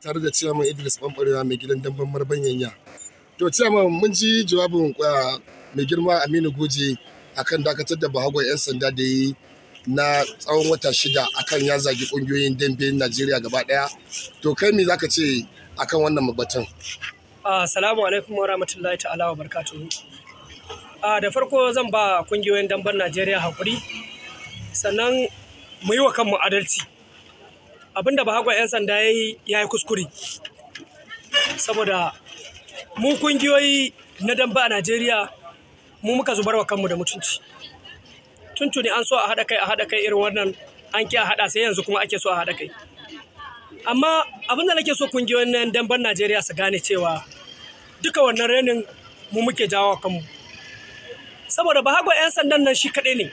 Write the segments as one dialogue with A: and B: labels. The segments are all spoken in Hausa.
A: tare da ciyaman Idris Bambarewa mai gidan damben marbanyanya. To ciyaman mun ji jawabin mai girma Aminu a akan dakatar da bahagwa 'yan sanda da yi na tsawon wata shida akan ya zagi kungiyoyin dambe Najeriya gaba daya. To kai me zaka ce akan wannan mabatan
B: Assalamu ah, alaikum wa rahmatullahi ta'ala wa barakatuhu. Ah, da farko zan ba kungiyoyin damben Najeriya hakuri sannan mu yi wa kanmu adalci. abinda ba hagwa 'yan sanda ya yi ya yi kuskure saboda mu kungiyoyi na damba a najeriya mu muka zubar wa kanmu da mutunci ne an so a haɗa kai a haɗa kai irin wannan an ki a haɗa sai yanzu kuma ake so a haɗa kai amma abinda nake so kungiyoyin nan damban najeriya su gane cewa duka wannan renin mu muke jawo kanmu saboda ba hagwa 'yan sandan nan shi kaɗai ne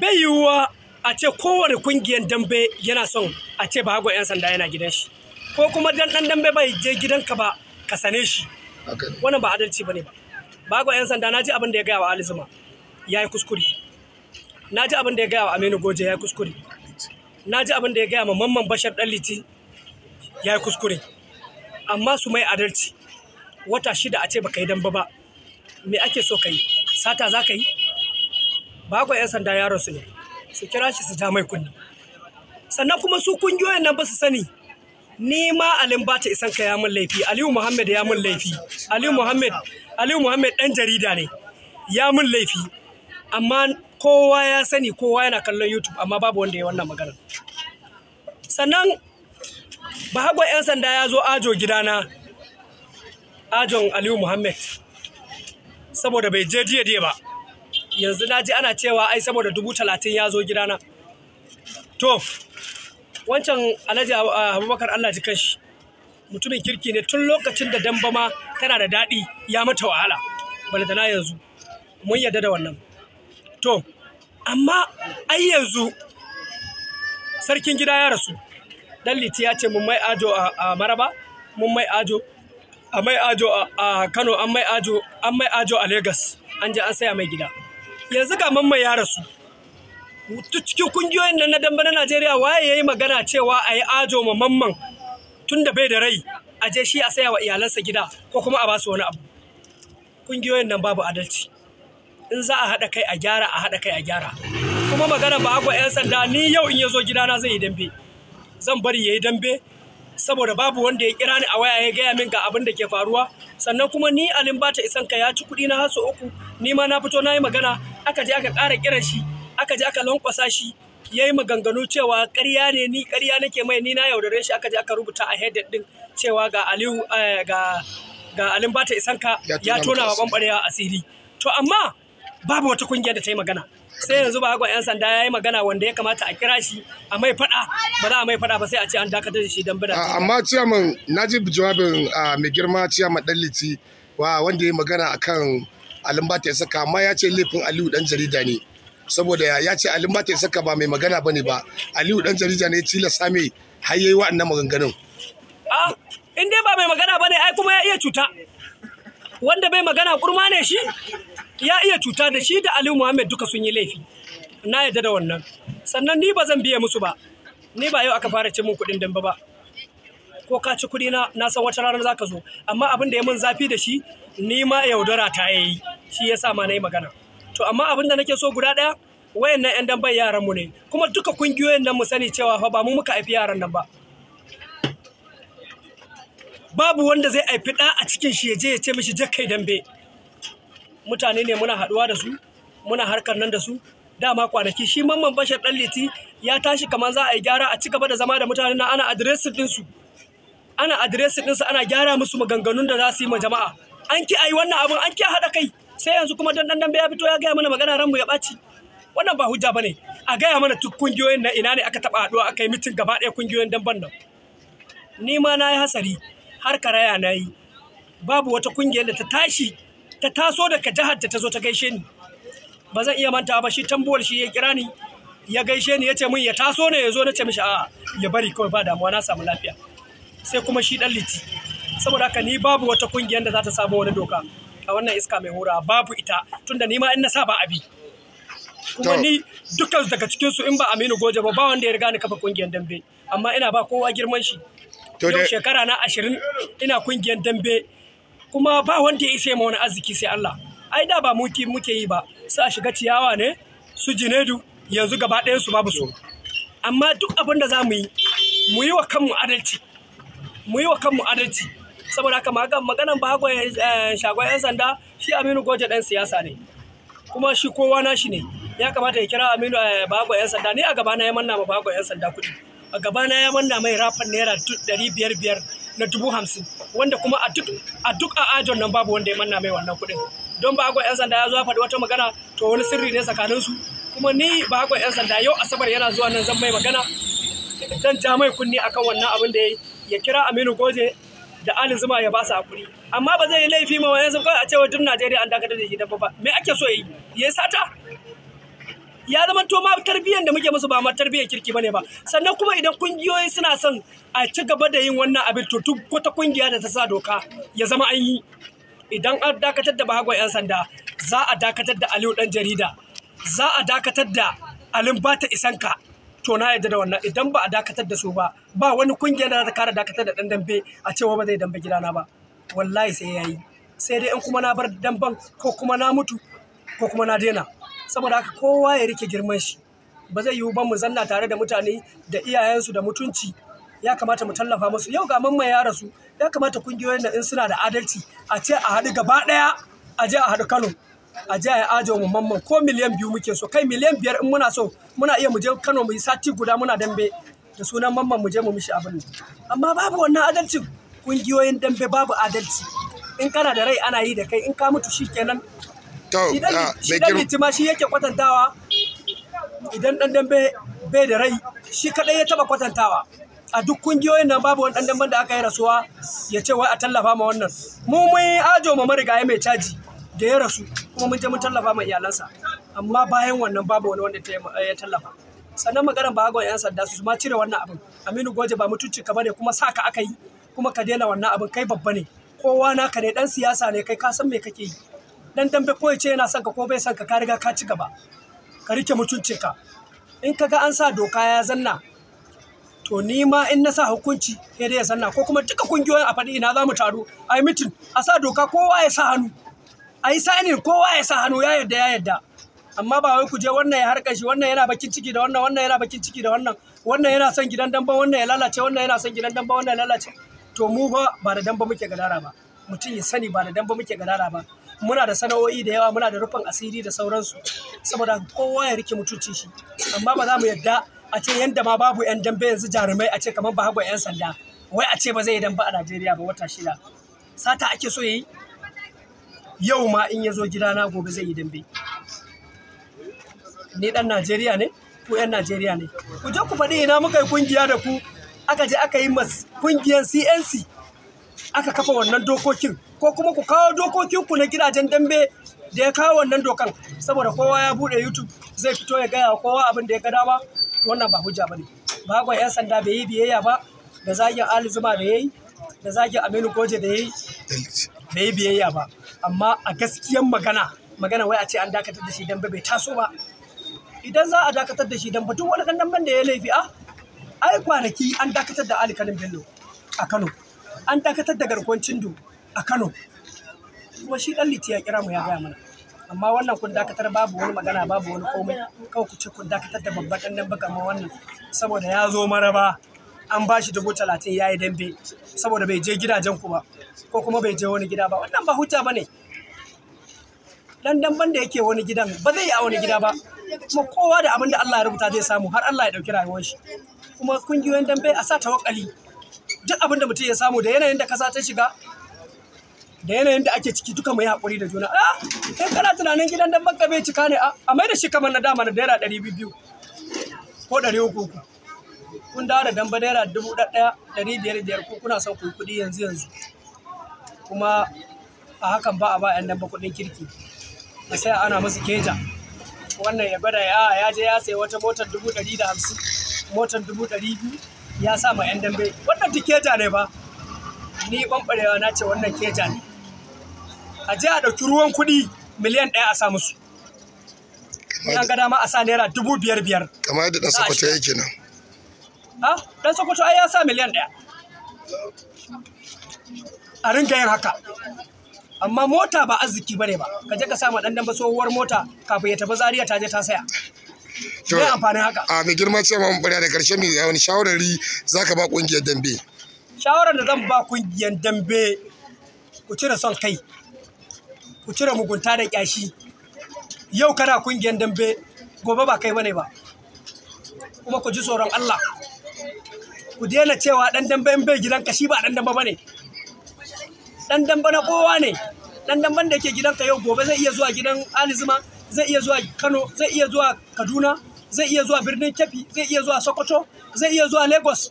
B: bai yiwuwa a ce kowane kungiyar dambe yana son a ce ba hagu 'yan sanda yana gidan shi ko kuma dan dan dambe bai je gidanka ba ka sane shi wannan ba adalci bane ba ba hagon 'yan sanda na ji abin da ya gaya wa Ali Zuma ya yi kuskure na ji abin da ya gaya wa Aminu Goje ya yi kuskure na ji abin da ya gaya wa Mamman Bashar Dalliti ya yi kuskure amma su mai adalci wata shida a ce baka yi dambe ba me ake so ka yi sata za ka yi ba hagon 'yan sanda yaro su ne su kira shi su ja mai kunni sannan kuma su kungiyoyin nan ba su sani ni ma alin ba ta isan ka ya mun laifi aliyu muhammad ya mun laifi aliyu muhammad aliyu muhammad dan jarida ne ya mun laifi amma kowa ya sani kowa yana kallon youtube amma babu wanda ya wannan magana sannan bahagwa yan sanda ya zo ajo gidana ajon aliyu muhammad saboda bai je jiya ba yanzu na ji ana cewa ai saboda dubu talatin ya zo gidana to wancan alhaji ah, abubakar allah ji kashi mutumin kirki ne tun lokacin da damba ma tana da daɗi ya mata wahala balantana yanzu mun yarda da wannan to amma ai yanzu sarkin gida ya rasu dan liti ya ce mun mai ajo a maraba mun mai ajo a mai ajo a kano an mai ajo a lagos an je an saya mai gida yanzu ga mamma ya rasu cikin kungiyoyin nan na dambe na Najeriya waye ya yi magana cewa a yi ajo ma mamman tun da bai da rai a je shi a saya wa iyalansa gida ko kuma a ba su wani abu kungiyoyin nan babu adalci in za a haɗa kai a gyara a haɗa kai a gyara kuma magana ba ga 'yan sanda ni yau in ya zo gidana zai yi dambe zan bari ya yi dambe saboda babu wanda ya kira ni a waya ya gaya min ga abin da ke faruwa sannan kuma ni alin bata isan ka ya ci kuɗi na haso uku ni ma na fito na yi magana aka je aka ƙara kiran shi aka je aka lankwasa shi ya yi maganganu cewa ƙarya ne ni ƙarya nake mai ni na yaudare shi aka je aka rubuta a headed din cewa ga aliyu eh, ga ga alin bata isan ka ya tona wa a asiri to amma babu wata kungiya da ta yi magana sai yanzu ba yan sanda ya yi magana wanda ya kamata a kira shi a mai fada ba za a mai fada ba sai a ce an dakatar da shi don bada
A: amma ciyaman na ji jawabin mai girma ciyaman dan liti wanda ya yi magana akan alimba ta saka amma ya ce laifin aliyu dan jarida ne saboda ya ce alimba ta saka ba mai magana bane ba aliyu dan jarida ne tilasta same har yayi wa'annan maganganun
B: in dai ba mai magana bane ai kuma ya iya cuta wanda bai magana kurma ne shi ya iya cuta da shi da Ali Muhammad duka sun yi laifi na yadda da wannan sannan ni ba zan biye musu ba ni ba yau aka fara ce mun kuɗin damba ba ko ka ci kuɗi na na san wata rana zaka zo amma abin da ya mun zafi da shi ni ma yaudara ta yayi shi yasa ma nayi magana to amma abin da nake so guda ɗaya wayannan yan damban yaran mu ne kuma duka kungiyoyin nan mu sani cewa fa ba mu muka haifi yaran nan ba babu wanda zai haifi ɗa a cikin shi ya je ya ce mishi jakkai dambe mutane ne muna haɗuwa da su muna harkar nan da su dama kwanaki shi mamman bashar dan liti ya tashi kamar za a yi gyara a ci gaba da zama da mutane na ana adiresin ɗinsu ana adiresin ɗinsu ana gyara musu maganganun da za su yi ma jama'a an ki ayi wannan abin an ki haɗa kai sai yanzu kuma dan dan ya fito ya gaya mana magana ranmu ya ɓaci wannan ba hujja bane a gaya mana duk kungiyoyin na ina ne aka taɓa haɗuwa aka yi mitin gaba ɗaya kungiyoyin dan nan ni ma na yi hasari har karaya na yi babu wata kungiyar da ta tashi ta taso daga jihar ta zo ta gaishe ni ba zan iya manta ba shi tambuwar shi ya kira ni ya gaishe ni ya ce min ya taso ne ya zo na ce mishi a'a ya bari kawai ba damuwa na samu lafiya sai kuma shi dan liti saboda haka ni babu wata kungiyar da za ta samu wani doka a wannan iska mai hura babu ita tunda ni ma in na sa ba abi kuma ni dukkan daga cikin su in ba Aminu Goje ba ba wanda ya riga ni kafa kungiyar dambe amma ina ba kowa girman shi yau shekara na ashirin ina kungiyar dambe kuma ba wanda ya isa ma wani arziki sai Allah ai da ba muke muke yi ba su a shiga ciyawa ne su jinedu yanzu gaba ɗayan su babu su amma duk abin da za mu yi mu yi wa kanmu adalci mu yi wa kanmu adalci saboda haka maganan ba eh, shagon yan sanda shi Aminu Goje dan siyasa ne kuma shi kowa na shi ne ya kamata ya kira Aminu eh, Bago yan sanda Ne a gaba na ya manna ma Bago yan sanda kuɗi a gaba na ya manna mai rafan naira ɗari na dubu hamsin wanda kuma a duk a nan babu wanda ya manna mai wannan kuɗin don ba yan sanda ya zuwa faɗi wata magana to wani sirri ne tsakanin su kuma ni ba yan sanda yau asabar yana zuwa nan zan mai magana zan ja mai kunni akan wannan abin da ya kira Aminu Goje da Ali Zuma ya ba su hakuri amma ba zai yi laifi ma wayan sun kawai a cewa duk Najeriya an dakatar da shi dabba ba me ake so ya yi ya sata ya zama to ma tarbiyyar da muke musu ba ma tarbiyyar kirki bane ba sannan kuma idan kungiyoyi suna son a ci gaba da yin wannan abin to duk wata kungiya da ta sa doka ya zama an yi idan an dakatar da bahagwa yan sanda za a dakatar da aliyu dan jarida za a dakatar da alin bata isanka to na yadda da wannan idan ba a dakatar da su ba ba wani kungiyar da za ta kara dakatar da dan dambe a cewa ba zai dambe gidana ba wallahi sai yayi sai dai in kuma na bar damban ko kuma na mutu ko kuma na daina saboda haka kowa ya rike girman shi ba zai yiwu ba mu zanna tare da mutane da iyayensu da mutunci ya kamata mu tallafa musu yau ga mamman ya rasu ya kamata kungiyoyin da in suna da adalci a ce a haɗu gaba ɗaya a je a haɗu Kano a je a ajo mu mamman ko miliyan biyu muke so kai miliyan biyar in muna so muna iya mu je Kano mu yi sati guda muna dambe da sunan mamman mu je mu mishi abin amma babu wannan adalcin kungiyoyin dambe babu adalci in kana da rai ana yi da kai in ka mutu shi shikenan shi ah, shi yake kwatantawa idan da rai shi kadai ya taba kwatantawa a duk kungiyoyin nan babu wani ɗanɗan damben da aka yi rasuwa ya ce wai a tallafa ma wannan mu mun ajo ma marigayi mai caji da ya rasu kuma mun je mun tallafa ma iyalansa amma bayan wannan babu wani wanda ya tallafa sannan maganar ba hagon 'yan sanda su ma cire wannan abin aminu goje ba mutunci ka bane kuma saka aka yi kuma ka daina wannan abin kai babba ne kowa naka ne dan siyasa ne kai ka san me kake yi dan dambe ko yace ce yana son ka ko bai son ka ka riga ka ci gaba ka rike mutunce ka in ka ga an sa doka ya zanna to ni ma in na sa hukunci sai dai ya zanna ko kuma duka kungiyoyin a faɗi ina za mu taru a yi mitin a sa doka kowa ya sa hannu a yi sa'inin kowa ya sa hannu ya yadda ya yadda amma ba wai ku je wannan ya harkar shi wannan yana bakin ciki da wannan wannan yana bakin ciki da wannan wannan yana son gidan damba wannan ya lalace wannan yana son gidan damba wannan ya lalace to mu ba ba da damba muke gadara ba mutum ya sani ba da damba muke gadara ba muna da sana'o'i da yawa muna da rufin asiri da sauransu saboda kowa ya rike mutunci shi amma ba za mu yadda a ce yanda ma babu yan dambe yanzu jarumai a ce kamar ba haɓa yan sanda wai a ce ba zai yi dambe a Najeriya ba wata shida sata ake so yayi yau ma in ya zo gidana gobe zai yi dambe ni dan Najeriya ne ku yan Najeriya ne ku je ku faɗi ina muka yi kungiya da ku aka je aka yi mas kungiyar CNC aka kafa wannan dokokin ko kuma ku kawo dokokinku na gidajen dambe da ya kawo wannan dokan saboda kowa ya bude youtube zai fito ya gaya kowa abin da ya ga ba wannan ba hujja bane ga yan sanda bai yi biyayya ba da zagin ali zuma da yayi da zagin aminu goje da yayi bai yi biyayya ba amma a gaskiyan magana magana wai a ce an dakatar da shi dambe bai taso ba idan za a dakatar da shi dambe duk wani dan da ya laifi a ah, ai kwanaki an dakatar da ali kanin bello a kano an dakatar da garkon cindu a Kano kuma shi dan liti ya kira mu ya gaya mana amma wannan kun dakatar babu wani magana babu wani komai kawai ku ce kun dakatar da babban dan nan baka wannan saboda ya zo maraba an ba shi dubu talatin ya yi dambe saboda bai je gidajen ku ba ko kuma bai je wani gida ba wannan ba hujja ba ne dan damban da yake wani gidan ba zai yi a wani gida ba kuma kowa da abin da Allah ya rubuta zai samu har Allah ya ɗauki rayuwar shi kuma kungiyoyin dambe a sa tawakkali duk abin da mutum ya samu da yanayin da kasa ta shiga da yanayin da ake ciki duka mai haƙuri da juna a ah, kan kana tunanin gidan dan banka bai cika ne ah, a mai da shi kamar na dama na daira ɗari biyu ko ɗari uku uku kun dawo da damba daira dubu ɗaya ɗari biyar biyar ko kuna son kuyi kuɗi yanzu yanzu kuma a hakan ba a ba 'yan damba kuɗin kirki a sai ana musu keja wannan ya gwada ya ya je ya sayi wata motar dubu ɗari da hamsin motar dubu ɗari biyu ya sa ma 'yan dambe wannan ta keja ne ba ni ɓanɓarewa na ce wannan keja ne a je a ɗauki ruwan kuɗi miliyan ɗaya a sa musu an ga dama a sa naira dubu biyar biyar
A: kamar yadda ɗan sokoto yake nan
B: ha ɗan sokoto ai ya sa miliyan ɗaya a ringa yin haka amma mota ba arziki bane ba ka je ka sa ma ɗan dambe tsohuwar mota kafin ya tafi zaria ta je ta saya me amfanin haka
A: a mai girma ce mun bari da karshe mai wani shawarari zaka ba kungiyar dambe
B: shawarar da zan ba kungiyar dambe ku cire son kai ku cire mugunta da kyashi yau kana kungiyar dambe gobe ba kai bane ba kuma ku ji tsoron Allah ku daina cewa dan dambe in bai gidanka shi ba dan dambe bane dan dambe na kowa ne dan damben da yake gidanka yau gobe zai iya zuwa gidan Ali Zuma? zai iya zuwa Kano zai iya zuwa Kaduna zai iya zuwa birnin kefi zai iya zuwa Sokoto zai iya zuwa Lagos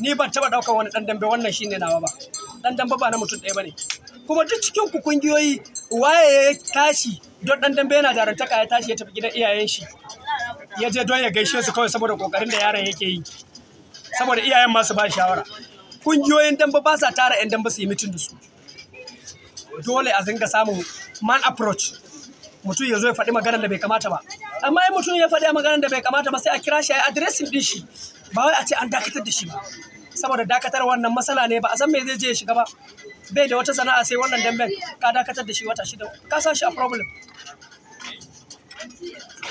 B: ni ban taba daukan wani dan dambe wannan shine nawa ba dan dambe ba na mutum ɗaya ba ne. kuma duk cikin ku kungiyoyi waye ya tashi don dan dambe yana jarantaka ya tashi ya tafi gidan iyayen shi ya je don ya gaishe su kawai saboda kokarin da yaron yake yi saboda iyayen masu ba shawara kungiyoyin dambe ba sa tara yan dambe su yi mitin da su dole a zinga samun man approach mutum ya zo ya faɗi maganar da bai kamata ba amma in mutum ya faɗi maganar da bai kamata ba sai a kira shi a yi adiresin ɗin shi ba wai a ce an dakatar da shi ba saboda dakatar wannan matsala ne ba a san me zai je ya shiga ba bai da wata sana'a sai wannan damben ka dakatar da shi wata shida ka sa shi a problem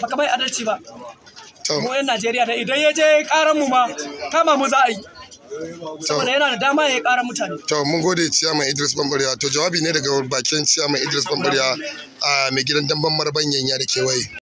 A: ba ka bai adalci ba
B: mu yan Najeriya da idan ya je karan mu ma kama mu za a yi saboda yana da dama ya kara mutane
A: to mun gode ciyaman Idris Bambariya to jawabi ne daga bakin ciyaman Idris Bambariya a mai gidan damban marbanyan yanya da kewaye